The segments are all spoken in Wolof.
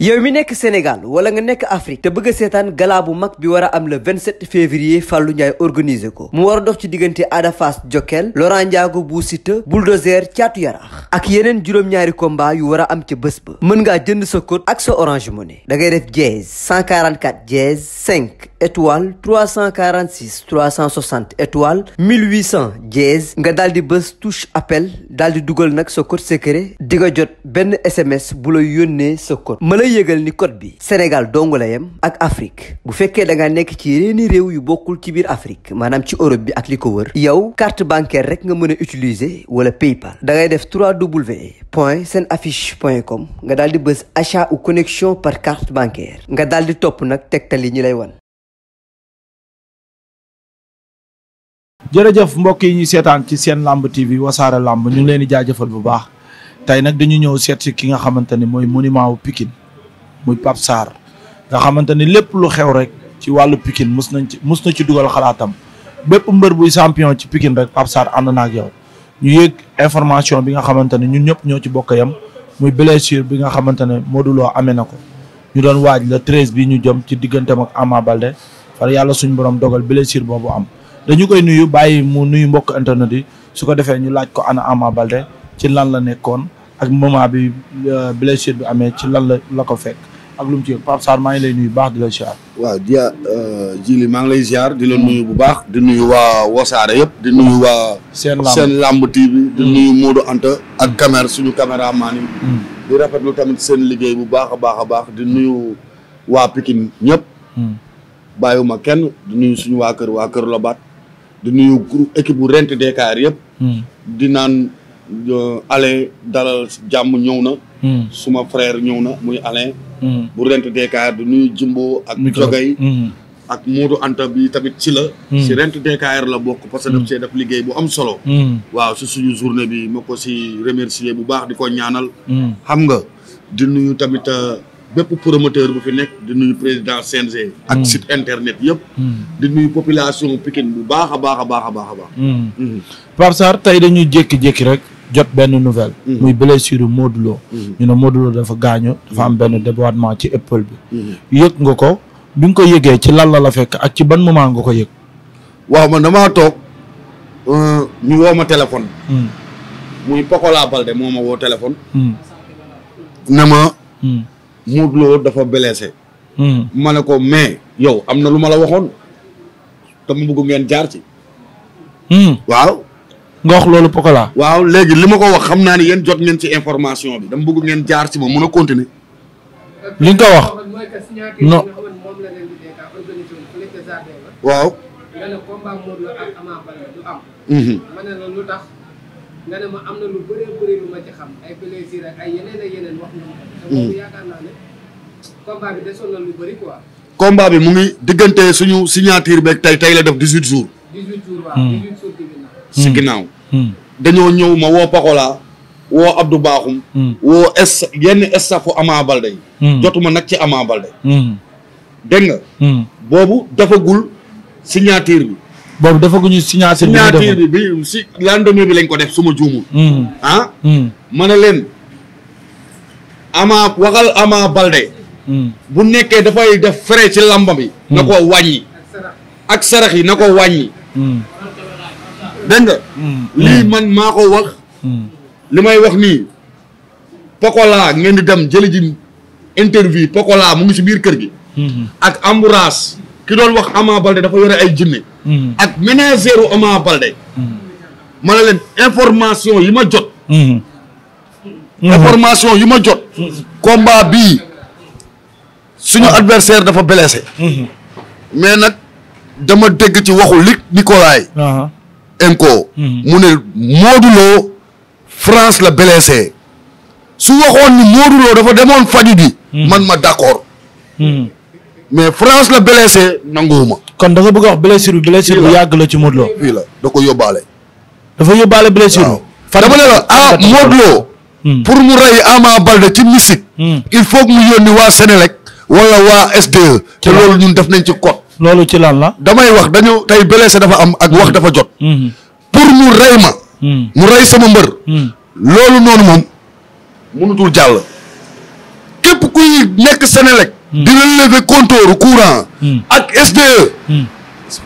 yow mi nekk Sénégal wala nga nekk Afrique te bëgg seetaan galaa bu mag bi war a am le 27 février Fallou Ndiaye organisé ko mu war a dox ci diggante Ada Fass Jokkel Laurent Ndiago bu Siteu Bulldozer Caatu Yaraax ak yeneen juróom-ñaari combat yu war a am ca bés ba mën ngaa jënd sa code ak sa Orange Money da ngay def dièse 144 dièse 5 étoile 346 360 étoile 1800 dièse nga daal di bés touche appel daal di dugal nag sa code secret di nga jot benn SMS bu la yónnee sa code lay yëgal ni code bi Sénégal dong la yem ak Afrique bu fekkee da nga nekk ci yeneeni réew yu bokkul ci biir Afrique maanaam ci Europe bi ak li ko wër yow carte bancaire rek nga mën a utiliser wala PayPal dangay def 3w point seen affiche point com nga dal di bës achat ou connexion par carte bancaire nga dal di topp nag tegtal yi ñu lay wan. mbokk yi ñu seetaan ci seen lamb TV wasaare lamb ñu leen di jaajëfal bu baax ki nga xamante ne mooy muy Pape nga xamante ni lépp lu xew rek ci wàllu pikin mus nañ ci mus na ci dugal xalaatam bépp mbër buy champion ci Pikine rek Pape Sarr ànd na ak yow ñu yëg information bi nga xamante ne ñun ñëpp ñoo ci bokk yam muy blessure bi nga xamante ne Modou Lo amee na ko ñu doon waaj le treize bi ñu jëm ci diggante ak Ama Balde far yàlla suñu borom dogal blessure boobu am dañu koy nuyu bàyyi mu nuyu mbokk internet yi su ko defee ñu laaj ko ana Ama Balde ci lan la nekkoon ak moment bi euh, blessure bi amee ci lan la la ko fekk ak lu mu ci yëg Pape Sarr maa ngi lay nuyu euh, maa ngi lay ziar di la nuyu bu baax di nuyu waa Wasaare yëpp di nuyu waa seen seen lamb TV di mm. nuyu Modou Anta ak caméra suñu caméraman yi mm. di lu tamit seen liggéey bu baax a baax a baax di nuyu waa Pikine ñëpp mm. bàyyiwuma kenn di nuyu suñu waa kër waa kër Lobaat di nuyu groupe équipe bu Rent Dakar yëpp di naan euh, Alain dalal jàmm ñëw na suma frère ñëw na muy Alain Mm-hmm. bu rent Dakar du nuyu Jumbo ak Jogay mm-hmm. ak Modou Anta bi tamit si la si mm-hmm. rent Dakar la bokk parce que daf see def liggéey bu am solo waaw si suñu journée bi ma ko si remercier bu baax di ko ñaanal xam nga di nuyu tamit euh, bépp promoteur bu fi nekk di nuyu président CNG ak site internet yëpp di nuyu population Pikine bu baax a baax a baax a baax a tey dañuy jékki-jékki rek jot benn nouvelle. Mm-hmm. muy blessure Modou Lo. Mm-hmm. ñu ne Modou dafa gaañu dafa am benn déboîtement ci épaule bi. Mm-hmm. yëg nga ko bi nga ko yëgee ci lan la la fekk ak ci ban moment nga ko yëg. waaw ma dama toog euh, ñu woo ma téléphone. Mm. muy Pokola Balde moo ma woo téléphone. Mm. ne ma. Mm. Modou dafa blessé. ma ne ko mais yow am na lu ma la waxoon te mu ngeen jaar ci. waaw. nga wax loolu Pokola. waaw léegi li ma ko wax xam naa ni yéen jot ngeen ci information bi dama bëgg ngeen jaar ci ma mun a continuer. ko wax. waaw. Mhm. Mhm. nga lu tax nga bi mu ngi diggante suñu signature beeg tey tey la def dix huit jours. Hmm. si hmm. ginnaaw. Hmm. dañoo ñëw ma woo Pakola woo Abdou Bakhoum. Hmm. woo es yenn estafu Ama Baldé yi. jotuma nag ci Ama Baldé. dégg nga. boobu dafagul signature bi. boobu dafaguñu signature bi bi si lendemain bi lañ ko def suma ma juumul. Ah? leen Ama waxal Ama Baldé. bu nekkee dafay def frais ci lamba bi. na ko wàññi. ak sarax yi na ko wàññi. dégg nga. Mm. lii mm. man maa ko wax. Mm. li may wax nii pokolaa ngeen di dem jëli ji interview Pokola mu ngi si biir kër gi. Mm-hmm. ak ambourage ki doon wax Ama Balde dafa yore ay jinne mm-hmm. ak ménagère u Balde. Mm-hmm. ma ne leen information yi ma jot. information yi ma jot. combat bii suñu adversaire dafa blessé. mais nag dama dégg ci waxu li Nicolaï. Uh-huh. inco mhm. mu ne Modou France la blessé su waxoon ni Modou dafa demoon faju ji mhm. man ma d'accord mhm. mais France la blessé nanguwuma kon da nga bëgg a wax blessure yàgg la ci Modou Lo fii la da dafa yóbbaale blessure dama ne la ah Modou Lo mu rey Ama Baldé ci mystique il faut mu yónni waa Sénélec wala waa SDE te loolu ñun def nañ ci code loolu ci lan la. damay wax dañu tey blessé dafa am ak wax dafa jot. Mm-hmm. pour mu rey ma. Mm-hmm. mu rey sama mbër. Mm-hmm. loolu noonu moom mënutul jàll. képp kuy nekk Sénélec. dina lever compteur courant. ak SDE.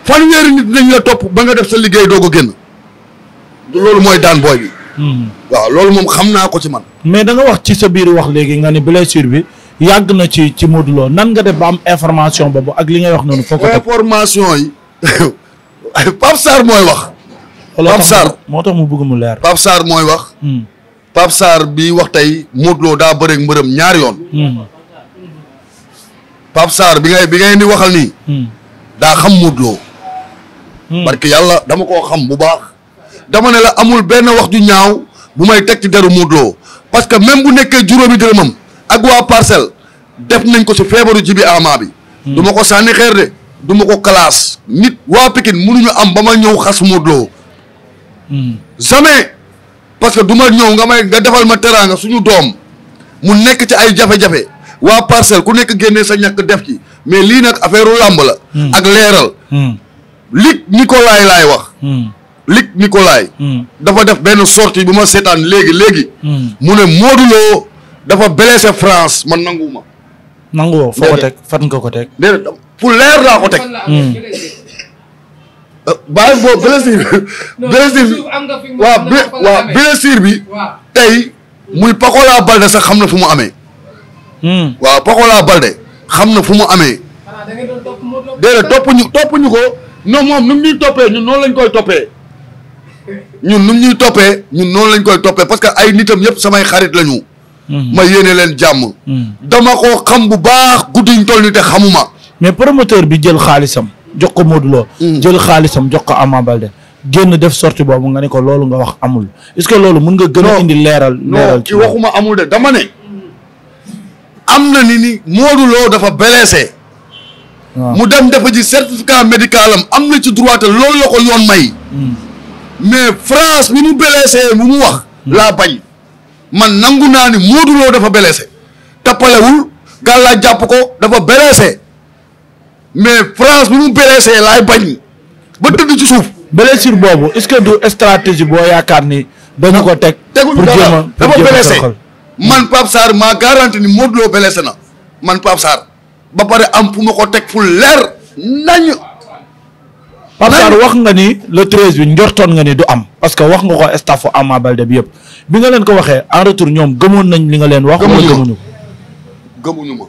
fanweeri nit nañ la topp ba nga def sa liggéey doo ko génn. loolu mooy daan booy bi. waaw loolu moom xam naa ko ci man. mais da nga wax ci sa biir wax léegi nga ne sur bi. yàgg na ci ci Modou nan nga def ba am information boobu ak li ngay wax noonu. foo ko information yi. Pape mooy wax. Pape moo tax mu bëgg mu leer. Pape mooy wax. Hmm. Pape Sarr bi wax tey Modou daa bëreeg mbërëm ñaari yoon. Hmm. Pape bi ngay bi ngay di waxal nii. Hmm. daa xam Modou Lo. yàlla dama koo xam bu baax. dama ne la amul benn wax ju ñaaw bu may teg ci deru Modou Lo parce que même bu nekkee juróomi dërëmam. ak waa parcelle def nañ ko ci feebaru jibi ama bi. Hmm. du ko sànni xeer de du ko classe. nit waa Pikine munuñu am ba ma ñëw xas Modou Lo. Hmm. jamais parce que duma ñëw nga may nga defal ma teraanga suñu doom mu nekk ci ay jafe-jafe waa parcelle ku nekk génnee sa ñàkk def ci mais lii nag affaire làmb la. Hmm. ak leeral. lig Nicolay laay wax. lig Nicolay. dafa def benn sortie bu ma seetaan léegi léegi. mu ne Modou dafa blessé France man nanguwuma. nanguwoo foo ko teg fan nga ko teg. déedéet pour leer laa ko teg. Hmm. Hmm. Euh, bàyyi boo blessure bi blessure bi waaw waaw tey muy Pakola Balde sax xam na fu mu amee. Hmm. waaw Pakola Balde xam na fu mu amee. déedéet topp ñu topp ñu ko ñoom moom nu ñuy toppee ñun noonu lañ koy toppee. ñun nu ñuy toppee ñun noonu lañ koy toppee parce que ay nitam yëpp samay xarit lañu. Mm-hmm. ma yéene leen jàmm. Mm-hmm. dama ko xam bu baax guddiñ toll ni te xamuma. mais promoteur bi jël xaalisam jox ko Modou mm. jël xaalisam jox ko Ama Balde génn def sorti boobu nga ne ko loolu nga wax amul est-ce que loolu mun nga. gën a indi leeral. leeral ci waxuma amul de dama ne. am na ni ni Modou Lo dafa blessé. Ah. mu dem dafa ji certificat médical am am na ci droit te loolu la ko yoon may. Mm. mais France bi mu blessé bu mu wax. Mm. laa bañ. man nangu naa ni Modou dafa blessé tappalewul gàlla jàpp ko dafa blessé mais France bi mu blessé laay bañ ba tëdd ci suuf. blessure boobu est-ce que du stratégie boo yaakaar ni. dañu ko teg pour jéem a dafa blessé man Pape Sarr maa garanti ni Modou Lo blessé na man Pape Sarr ba pare am fu ma ko teg fu leer nañ. Pape Sarr wax nga ni le treize bi njortoon nga ni du am parce que wax nga ko staffu Ama Baldé bi yëpp bi nga leen ko waxee en retour ñoom gëmoon nañ li nga leen wax. wala gëmuñu ko gëmuñu ma.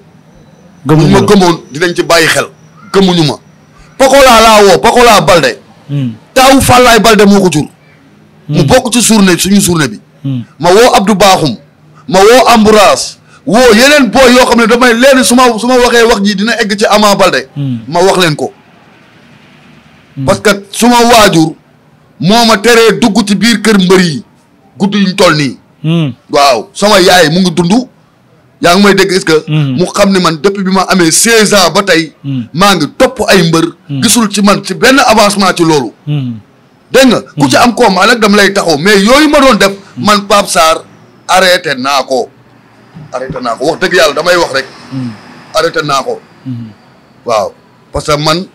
gëmuñu ma gëmoon dinañ ci bàyyi xel. gëmuñu ma. Pokola laa woo Pokola Baldé. Hmm. taawu Fallaye Baldé moo ko mu hmm. bokk ci journée suñu journée bi. Hmm. ma woo Abdou Bakhoum. ma woo Ambroise. woo yeneen booy yoo xam ne damay leen su ma su ma waxee wax ji dina egg ci Ama Baldé. ma wax leen ko. parce que suma waajur moo ma teree dugg ci biir kër mbër yi yi ñu toll nii. Hmm. waaw sama yaay mu ngi dund. yaa ngi may dégg est-ce que. Hmm. mu xam ne man depuis bi ma amee seize ans ba tey. Hmm. maa ngi topp ay mbër. gisul ci man ci benn avancement ci loolu. dégg nga ku ci am combat nag dam lay taxaw mais yooyu ma doon def man Pape Sarr arrêté naa ko. arrêté naa ko wax dëgg yàlla damay wax rek. arrêté naa ko. waaw parce man.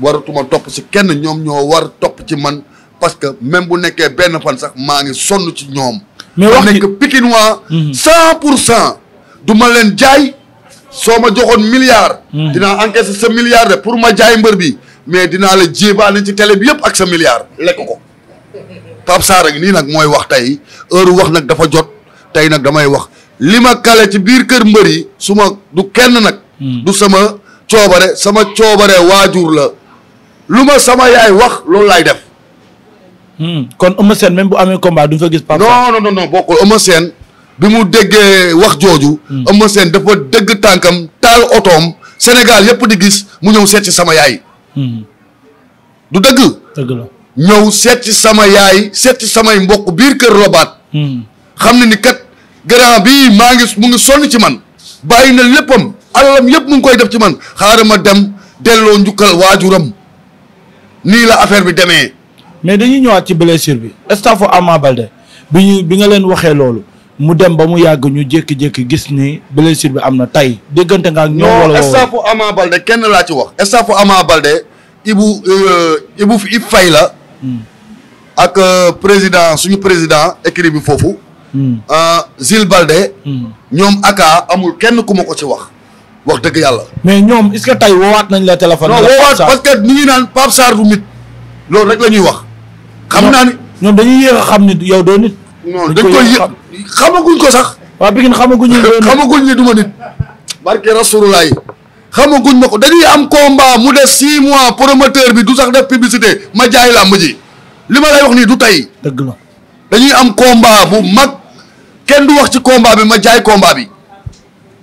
waratuma topp si kenn ñoom ñoo war topp ci man parce que même bu nekkee benn fan sax maa ngi sonn ci ñoom. mais wax nekk Pikinois. Mhm. cent pour cent du ma leen jaay soo ma joxoon milliard. Mhm. dinaa encaisser sa milliard de pour ma jaay mbër bi mais dinaa la jébaale ci télé bi yëpp ak sa milliard lekk ko. Pape Sarr ak nii nag mooy wax tey heure wax nag dafa jot tey nag damay wax li ma kale ci biir kër mbër yi su ma du kenn nag. Mhm. du sama coobare sama coobare waajur la. lu ma sama yaay wax loolu laay def. Hmm. kon Eumeu Sène même bu amee combat duñ fa gis. Pape Sarr non non non bokkul Eumeu Sène bi mu déggee wax jooju. Hmm. Eumeu Sène dafa dëgg tànkam taal otoom Sénégal yëpp di gis mu ñëw seet ci sama yaay. Hmm. du dëgg. dëgg la ñëw seet ci sama yaay seet ci samay mbokk biir kër Robaat. xam na ni kat grand bi maa ngi mu ngi sonn ci man. bàyyi na léppam alalam yëpp mu ngi koy def ci man xaaral ma dem delloo njukkal waajuram. nii la affaire bi demee. mais dañuy ñëwaat ci blessure bi staffu Ama Baldé bi ñu bi nga leen waxee loolu mu dem ba mu yàgg ñu jékki-jékki gis ni blessure bi am na tey déggante nga ak ñoom. wala wala non staffu Ama kenn laa ci wax. staffu Ama Baldé Ibou euh, Ibou fi fay la. Hmm. ak euh, président suñu président écrit bi foofu. Hmm. Euh, Zil Baldé. Hmm. ñoom aka amul kenn ku ma ko ci wax. wax dëgg yàlla. mais ñoom est-ce que tey woowaat nañ la téléphone. non woowaat parce que ni naan Pape Sarr du nit. loolu rek la ñuy wax. xam naa ni ñoom dañuy yéex a xam ni yow doo nit. non dañ koy yéex xamaguñ ko sax. waa Pikine xamaguñ ni doo nit xamaguñ ni du ma nit. barke Rasulullah xam xamaguñ ma ko dañuy am combat mu des six mois promoteur bi du sax def publicité ma jaay ma ji li ma lay wax nii du tey. dëgg ma dañuy am combat bu mag kenn du wax ci combat bi ma jaay combat bi.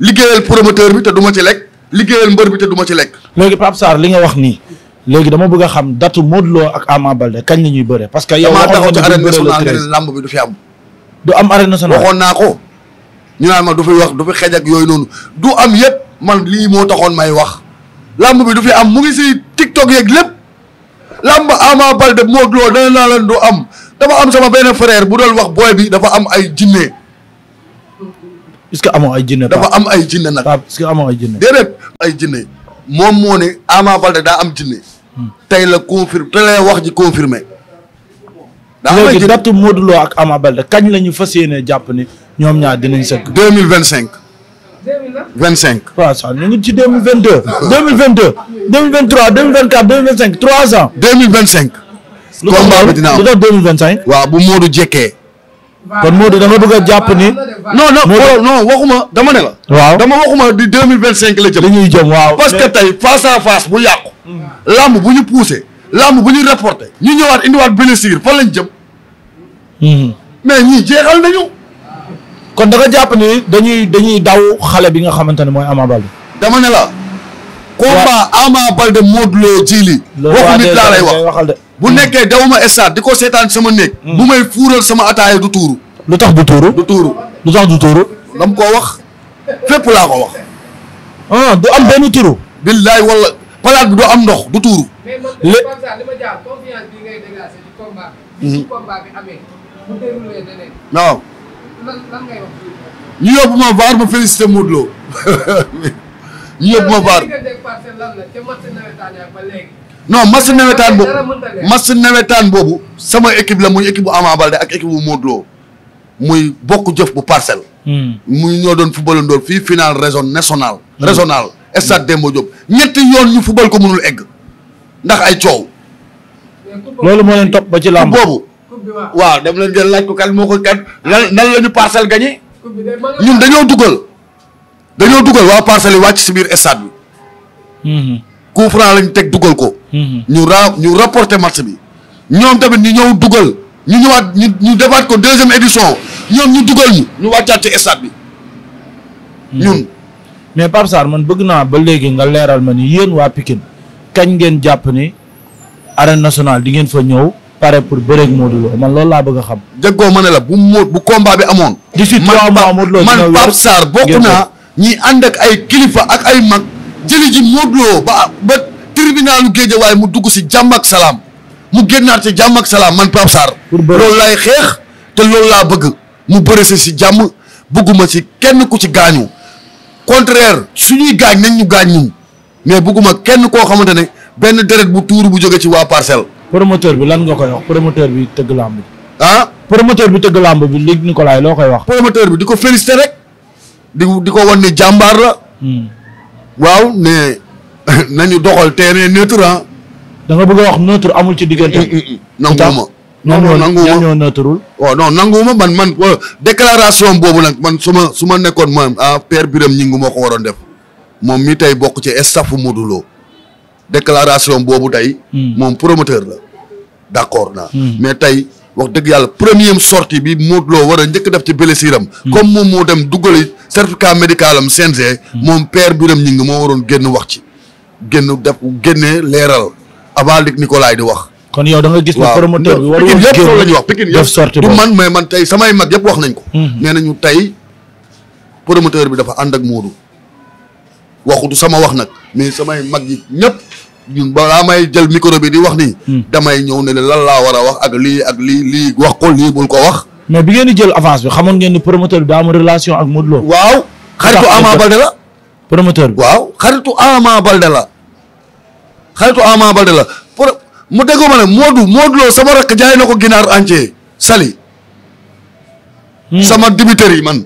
liggéeyal promoteur bi te du ma ci lekk liggéeyal mbër bi te du ma ci lekk. léegi Pape Sarr li nga wax nii léegi dama bëgg a xam datu Modou loo ak Ama Baldé kañ la ñuy bëree parce que yow waxoon nga ne du bëre le lamb fi am. du am arène nationale waxoon naa ko. ñu naan ma du fi wax du xej ak yooyu noonu du am yëpp man lii moo taxoon may wax lamb bi du fi am mu ngi si tiktok yeeg lépp lamb Ama Baldé Modou Lo dana naa leen du am dama am sama benn frère bu doon wax booy bi dafa am ay jinne est que amoon ay jinne dafa am ay jinne nag est amoo ay jinne déedéet ay jinne moom moo ne Ama Baldé daa am jinne hmm. tey la confirme tey la wax ji confirmé daa am ay léegi ak Ama kañ la ñu fas yéenee jàpp ni ñoom ñaar dinañ sëkk deux mille vingt cinq vingt cinq waaw ñu ngi ci deux mille vingt deux deux mille vingt deux deux mille vingt trois deux mille vingt quatre deux mille vingt ans deux mille vingt cinq combat bi dina am lu vingt cinq waaw bu Modou jekkee kon Modou de dama bëgg a jàpp ni. non non non waxuma dama ne la. waaw dama waxuma di deux mille vingt cinq la jëm. dañuy jëm waaw parce que tey face à face bu yàqu. làmb bu ñu poussé. làmb bu ñu reporté. ñu ñëwaat indiwaat blessure fan lañ jëm. Hmm. mais ñii jeexal nañu. kon da jàpp ni dañuy dañuy daw xale bi nga xamante ne mooy Ama Baldé. dama ne la. combat Ama Baldé Modou Lo Djily waxu nit laa lay wax bu hmm. nekkee dawuma stade di ko seetaan sama néeg hmm. bu may fuural sama ataaya du tuuru lu tax du tuuru du tuuru lu tax du tuuru koo wax fépp laa ko wax ah du am benn turu billaay wala palaat bi du am ndox du tuuru hmm. lé waaw yëpp ma vaar non match nawetaan boobu sama équipe la muy équipe bu Ama ak équipe bu Modou muy bokk jëf bu parcelle. Hmm. mu ñoo doon footballandoo fii finale région nationale. Hmm. régionale stade Demba Diop ñetti yoon ñu football ko mënul egg ndax ay coow. loolu moo leen topp ba ci làmb boobu. waaw dem leen ngeen laaj ko kan moo ko kan nan nan la ñu parcelle gagné ñun dañoo dugal. dañoo dugal waa parcelle yi wàcc si biir stade bi. Mhm. coup franc lañ teg dugal ko. Mhm. ñu ra ñu rapporté match bi. ñoom tamit ñu ñëw dugal ñu ñëwaat ñu ñu defaat ko deuxième édition ñoom ñu dugal ñu ñu wàccaat ci stade bi. Mhm. ñun. mais Pape Sarr man bëgg naa ba léegi nga leeral ma ni yéen waa pikin kañ ngeen jàpp ni arène nationale di ngeen fa ñëw pare pour bëreeg Modou Lo man loolu laa bëgg a xam. déggoo ma ne la bu mu bu combat bi amoon. man Pape bokk naa. ñi ànd ak ay kilifa ak ay mag jëli ji Modou Lo ba ba tribunalu Guédiawaye mu dugg si jàmm ak salaam mu génnaat si jàmm ak salaam man Pape Sarr. loolu laay xeex te loolu laa bëgg mu bëre si jàmm bëgguma ci kenn ku ci gaañu contraire suñuy gaañ nañ ñu gaañ ñun mais bëgguma kenn koo xamante ne benn deret bu tuuru bu jóge ci waa parcelle. promoteur bi lan nga koy wax promoteur bi tëgg làmb bi. ah promoteur bi tëgg làmb bi léegi Nicolas loo koy wax. promoteur bi di ko féliciter rek. di di ko wan ne jàmbaar la. Hmm. waaw ne nañu doxal terrain neutre ah. da bëgg a wax neutre amul ci diggante. Mm, mm, mm. nanguwuma nanguwuma nanguwuma ñoo neutre waaw oh, non nanguwuma man man oh, déclaration boobu nag man su ma su ma nekkoon man ah père Birame ñi ngi moo ko waroon def moom mi tey bokk ci staffu Modou Lo déclaration boobu tey. Hmm. moom promoteur la d' naa. Hmm. mais tey. wax dëgg yàlla première sortie bi Modou loo war a njëkk def ci blessure am hmm. comme moom moo dem dugali certificat médical am CNG. Hmm. moom père Birame ñi ngi moo waroon génn wax ci génn def génnee leeral avant Luc Nicolaï di wax kon yow da gis ne promoteur bi warul yëpp loolu la ñuy wax man mais man tey samay mag yëpp wax nañ ko hmm. nee nañu tey bi dafa ànd ak Modou waxu du sama wax nag mais samay mag yi ñun balaa may jël micro bi di wax nii. Hmm. damay ñëw ne la lan laa war a wax ak lii ak lii lii wax ko lii bul ko wax. mais bi ngeen di jël avance bi xamoon ngeen ni promoteur bi daa am relation ak waaw xaritu Ama Balde la. promoteur bi waaw xaritu Ama Balde la. xaritu Ama la mu déggoo ma ne Modou Modou Lo sama rakk jaay na ko ginaar entier sali. Hmm. sama dibiteri man.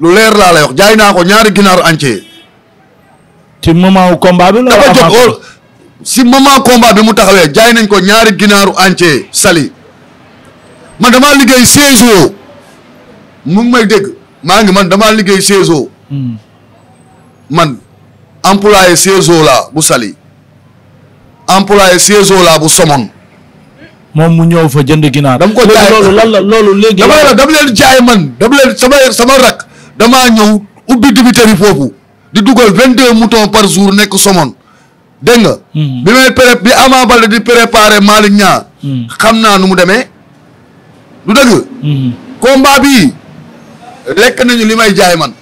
lu leer laa lay naa ko ñaari ginaar entier. ci si moment combat bi mu taxawee jaay nañ ko ñaari ginaaru entier sali man damaa liggéey seize ans mu may dégg maa ngi man damaa liggéey seize hmm. man employé seize ans laa bu sali employé seize laa bu somon moom mu ñëw fa jënd ginaar. dama ko loolu lan loolu léegi. dama la dama leen jaay man dama leen sama sama rak damaa ñëw ubbi dibiteri foofu di dugal vingt deux moutons par jour nekk somon dégg nga. Hmm. bi may pré bi Ama Baldé di préparé Malick hmm. xam naa nu mu demee. du dëgg. Hmm. combat bii lekk nañu li may jaay man.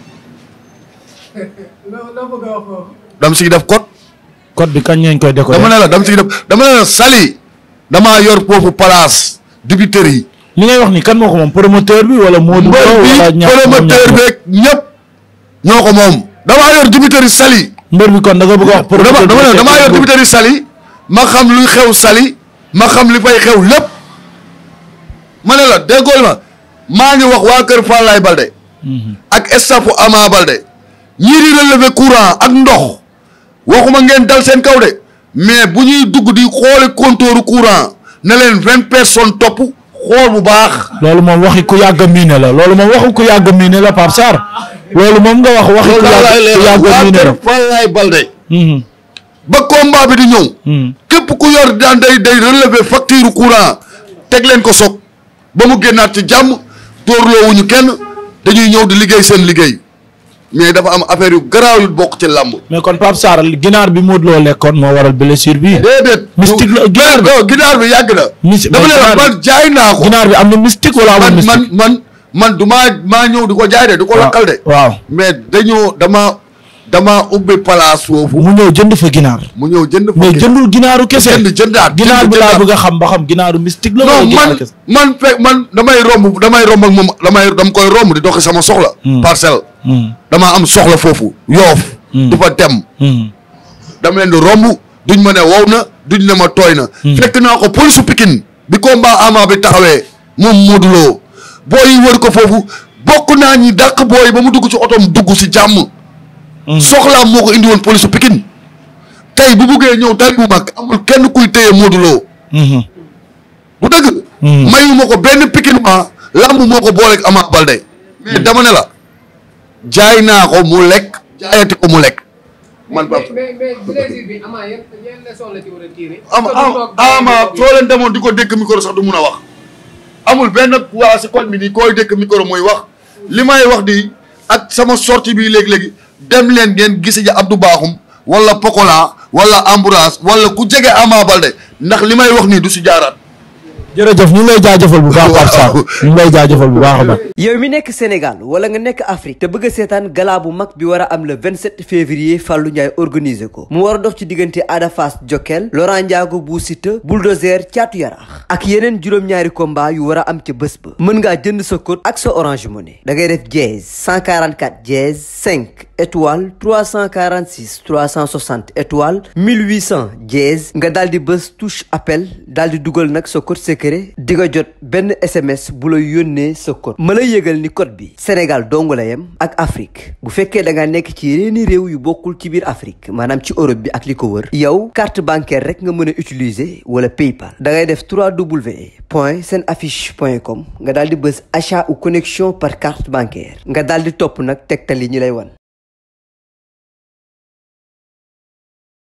dam si def kot code bi kañ lañ koy décorer. dama ne la dam def dama Sali. damaa yor foofu place dibiteri yi. li ngay wax ni kan moo ko moom promoteur bi wala Modou Lo moo ñaar promoteur beeg ñëpp ñoo ko moom. damaa yor dibiteri Sali. mbër bi kon da nga bëgg a wax. pour dama damaa yor dibiteri Saly ma xam luy xew sali ma xam li fay xew lépp ma ne la déggool ma maa ngi wax waa kër Falaye Balde. Mhm. ak staffu Ama Balde. ñii di relever courant ak ndox waxuma ngeen dal seen kaw de mais bu ñuy dugg di xooli compteur courant ne leen vingt personnes topp xool bu baax. loolu moom waxi ku yàgg miine la loolu moom waxi ku yàgg miine la Pape Sarr. loolu moom nga wax wax. yàgg Falaye Baldé. ba combat bi di ñëw. Mm-hmm. képp ku yor daan day day relever facture courant teg leen ko soog ba mu génnaat ci jàmm tóorloowuñu kenn dañuy ñëw di liggéey seen liggéey. mais dafa am affaire yu garaaw yu bokk ci làmb. mais kon Pape Sarr ginaar bi Modou Lo lekkoon moo waral blessure bi. déedéet mystique la ginaar bi ginaar bi yàgg na. dafa jaay naa ko. ginaar bi am na mystique wala amul man. man du maa maa ñëw di ko jaay de du ko lakkal de. waaw mais dañoo dama dama ubbi place foofu. mu ñëw jënd fa ginaar. mu ñëw jënd fa mais jëndul ginaaru kese. jënd jëndaat ginaar bi laa bëgg a xam ba xam ginaaru mystique la. non man man damay romb damay romb ak moom damay dama koy romb di doxi sama soxla. Hmm. parcelle. Hmm. damaa am soxla foofu yoof. Hmm. di fa dem. dama leen romb duñ ma ne wow na duñ ne ma tooy na. fekk naa ko polisu Pikine bi combat ama bi taxawee moom Modou Lo booy wër ko foofu bokk naa ñi dàq booy ba mu dugg ci otoom dugg si jàmm. Mhm. soxlaam moo ko indi woon polisu Pikine tey bu buggee ñëw tali bu mag amul kenn kuy téye Modou Lo. Mhm. bu dëgg. Mhm. ko benn Pikine ma làmb moo ko booleeg Ama Baldé. mais la jaay naa ko mu lekk jaayati ko mu lekk. man ba mais mais plaisir bi soo leen demoon di ko dégg micro sax du mun a wax. amul benn waa si koñ bi nii koy dëkk micro mooy wax li may wax di ak sama sorti bi léegi-léegi dem leen ngeen gis ja Abdou baaxum wala Pokola wala Ambroise wala ku jege Ama Baldé ndax li may wax nii du si jaaraat jërëjëf ñu ngi lay jaajëfal bu baax Pape Sarr ñu bu baax a yow mi nekk Sénégal wala nga nekk Afrique te bëgg a seetaan gala bu mag bi war a am le 27 février Fallou Ndiaye organiser ko mu war a dox ci diggante Ada Fass Jokkel Laurent Ndiago Bou Siteu Bulldozer Thiatou Yaraax ak yeneen juróom-ñaari combat yu war a am ca bés ba mën ngaa jënd sa code ak sa Orange Money da ngay def dièse 144 dièse 5 étoile 346 360 étoile 1800 dièse nga daal di bés touche appel daal di dugal nag sa code secret di nga jot benn SMS bu la yónnee sa cot ma lay yëgal ni code bi Sénégal dong la yem ak Afrique bu fekkee da nga nekk ci yeneen réew yu bokkul ci biir Afrique maanaam ci Europe bi ak li ko wër yow carte bancaire rek nga mën a utiliser wala PayPal da ngay def 3W point seen affiche point comme nga daal di bës achat ou connexion par carte bancaire nga daal di topp nag tegtal yi ñu lay wan.